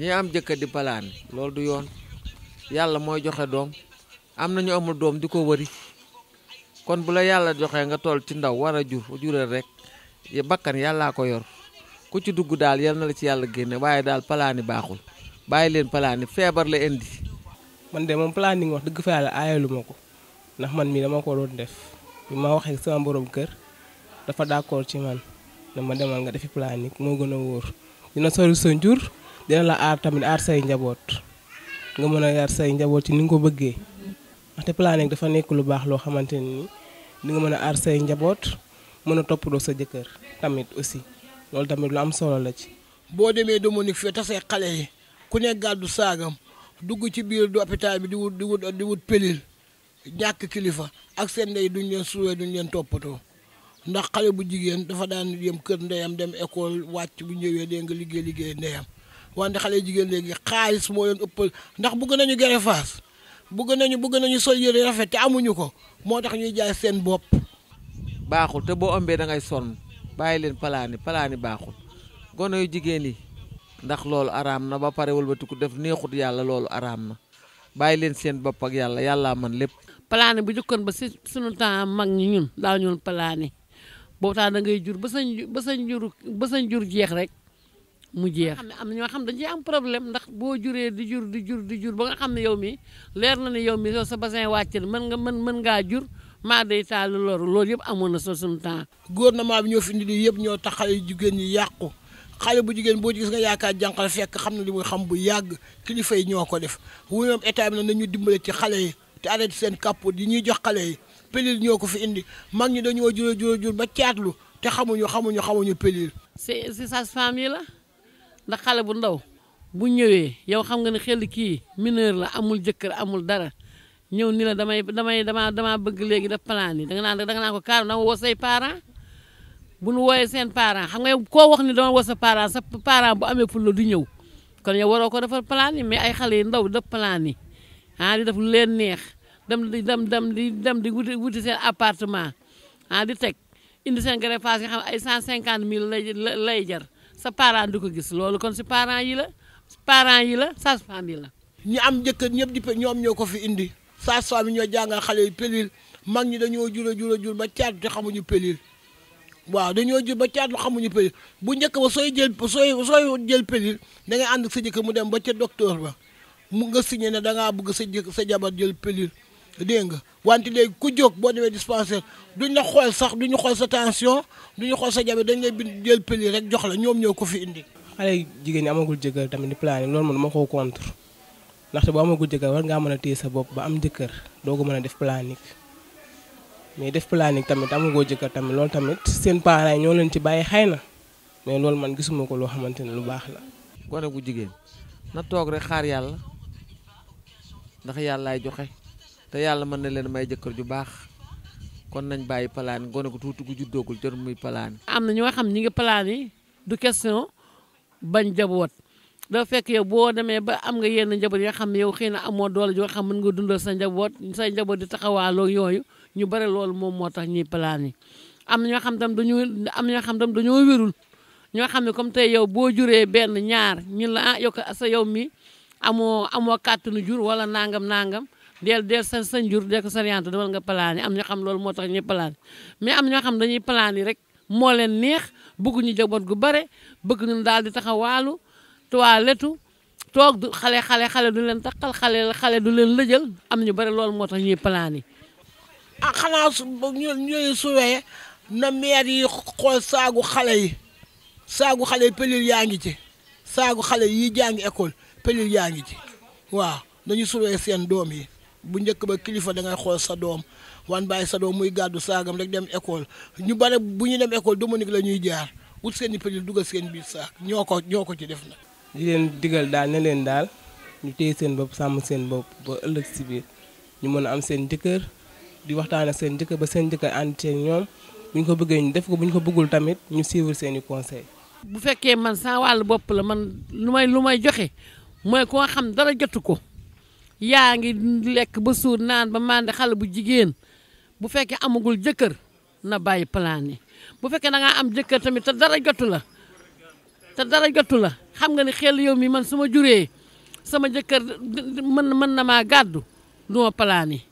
ñi am jëkkër di balaani loolu du yoon yàlla mooy joxe doom am na ñu amul doom di ko wëri kon bu la yàlla joxee nga toll ci ndaw war a jur jural rek bakkan yàllaa ko yor ku ci dugg daal yal na la ci yàlla génne waaye daal palaani baaxul bàyyi leen palaani feebar la indi. man de moom planning wax dëgg fa yàlla aayalu ko ndax man mii dama ko doon def bi ma waxee sama borom kër dafa d'accord ci man dama demal nga defi planning moo gën a wóor dina sori sa dina la aar tamit aar say njaboot nga mën a yar say njaboot ci ni nga ko bëggee ndaxte planning dafa nekk lu baax loo xamante ne ni nga mën a aar say njaboot mën a toppatoo sa jëkkër tamit aussi loolu tamit lu am solo la ci. boo demee Dominique fii tasee xale yi ku ne gàddu saagam dugg ci biir hôpital bi di wut di wut di wut pelil ñàkk kilifa ak seen ndey duñ leen suwee duñ leen toppatoo. ndax xale bu jigéen dafa daan yem kër ndeyam dem école wàcc bu ñëwee dee nga liggéey liggéey ndeyam wante xale jigéen léegi xaalis moo leen ëppal ndax bëgg nañu gere faas bëgg nañu bëgg nañu sol yëre rafet te amuñu ko moo tax ñuy jaay seen bopp. baaxul te boo ëmbee da ngay sonn bàyyi leen palaani palaani baaxul gone yu jigéen yi ndax loolu araam na ba pare wëlbatiku def neexut yàlla loolu araam na bàyyi leen seen bopp ak yàlla yàlla man lépp. palaani bu jëkkoon ba si sunu temps mag ñi ñun daaw ñun palaani boobu tax da ngay jur ba sañ sañ jur ba jur jeex rek. mu jeex am na ñoo xam dañ ciy am problème ndax boo juree di jur di jur di jur ba nga xam ne yow mi leer na ne yow mi soo sa bassin wàcc na mën nga mën mën ngaa jur maa day taal loru loolu yëpp amoon na so suñu temps gouvernement bi ñoo fi indi lii yëpp ñoo tax xale yu ñi yàqu xale bu jigéen boo gis nga yaakaar jànqal fekk xam na li muy xam bu yàgg kilifa yi ñoo ko def wuñoom état bi na nañu dimbale ci xale yi te arrêté seen kàppu yi ñuy jox xale yi pelil ñoo ko fi indi mag ñi dañoo juró juró jur ba caatlu te xamuñu xamuñu xamuñu pelil c'est c'est sa famille la ndax xale bu ndaw bu ñëwee yow xam nga ne xel kii mineur la amul jëkkër amul dara ñëw nii la damay damay dama damaa bëgg léegi def plan yi danga naan danga naan ko kaar dama woo say parents bu nu wooyee seen parent xam nga yow koo wax ni dama woo sa parents sa parents bu amee ful la du ñëw kon yow waroo ko defar plan yi mais ay xale yu ndaw def plan yi ah di def lu leen neex dam di dem dem di dem di wuti wuti seen appartement ah di teg indi seen greffage nga xam ay 150 la la lay jar. sa parent du ko gis loolu kon si parent yi la parent yi la sage-femme yi la ñi am jëkkër ñëpp di ñoom ñoo ko fi indi saa femme yi ñoo jàngal xale yi pilule mag ñi dañoo jura jura jur ba caat te xamuñu pilule waaw dañoo jur ba caat xamuñu pilule bu njëkk ba sooy jël sooy sooy jël pilule da ngay ànd ak mu dem ba ca docteur ba mu nga signé ne dangaa bëgg sa jëkk sa jabar jël pilule dégg nga wante léegi ku jóg boo demee dispensaire duñ la xool sax duñu xool sa tension ñu xool sa jabe dañ lay bind jël pëli rek jox la ñoom ñëw ko fi indi. xale jigéen ñi amagul jëkkër tamit di plané loolu man ma koo contre ndaxte boo amagul jëkkër war ngaa mën a téye sa bopp ba am jëkkër doo ko mën a def planique mais def planning tamit amagoo jëkkër tamit loolu tamit seen parents yi ñoo leen ci bàyyi xay na mais loolu man gisuma ko loo xamante ne lu baax la. gone gu jigéen na toog rek xaar yàlla ndax yàllaay joxe. te yàlla mën na leen may jëkkër ju baax kon nañ bàyyi palaan gone ko tuuti gu juddoogul jot muy palaan am na ñoo xam ñi ngi palaan yi du question bañ jaboot dafa fekk boo demee ba am nga yenn njaboot yoo xam ne yow xëy na amoo doole joo xam mën nga dundal sa njaboot sa njaboot di taxawaaloo yooyu ñu bare loolu moom moo tax ñuy palaan yi am na xam tam dañoo am na xam tam dañoo wérul ñoo xam ne comme tey yow boo juree benn ñaar ñun la ah yow sa yow mi amoo amoo kàttanu jur wala nangam nangam del del sa sa njur del ko soriante demal nga plané am ñoo xam loolu moo tax ñuy plané mais am ñoo xam dañuy plané rek moo leen neex bëgg ñu jaboot gu bare bëgg ñu daal di taxawaalu toiletu toog du xale xale xale du leen taqal xale xale du leen lëjal am ñu bare loolu moo tax ñuy plané. ah xanaa su ñu ñu suwee na meer yi xool saagu xale yi saagu xale yi pelil yaa ngi ci saagu xale yi jàngi école pelil yaa ngi ci waaw nañu suwee seen doom yi. bu njëkk ba kilifa da ngay xool sa doom wan bàyyi sa doom muy gàddu saagam rek dem école ñu bare bu ñu dem école doomanik la ñuy jaar wut seen i péril seen biir saak ñoo ko ñoo ko ci def na di leen digal daal ne leen daal ñu téye seen bopp sàmm seen bopp ba si biir ñu mën a am seen jëkkër di waxtaan ak seen jëkkër ba seen jëkkër ànd ñoom bu ñu ko bëggee ñu def ko bu ñu ko bëggul tamit ñu suivre seeni i conseil bu fekkee man saa wàllu bopp la man lu may lu may joxe mooy ko xam dara jotu ko yaa ngi lekk ba suur naan ba màndi xale bu jigéen bu fekkee amagul jëkkër na bàyyi plané bu fekkee da ngaa am jëkkër tamit te dara jotu la te dara jotu la xam nga ni xel yow mi man su ma juree sama jëkkër mën mën na maa gàddu du ma plané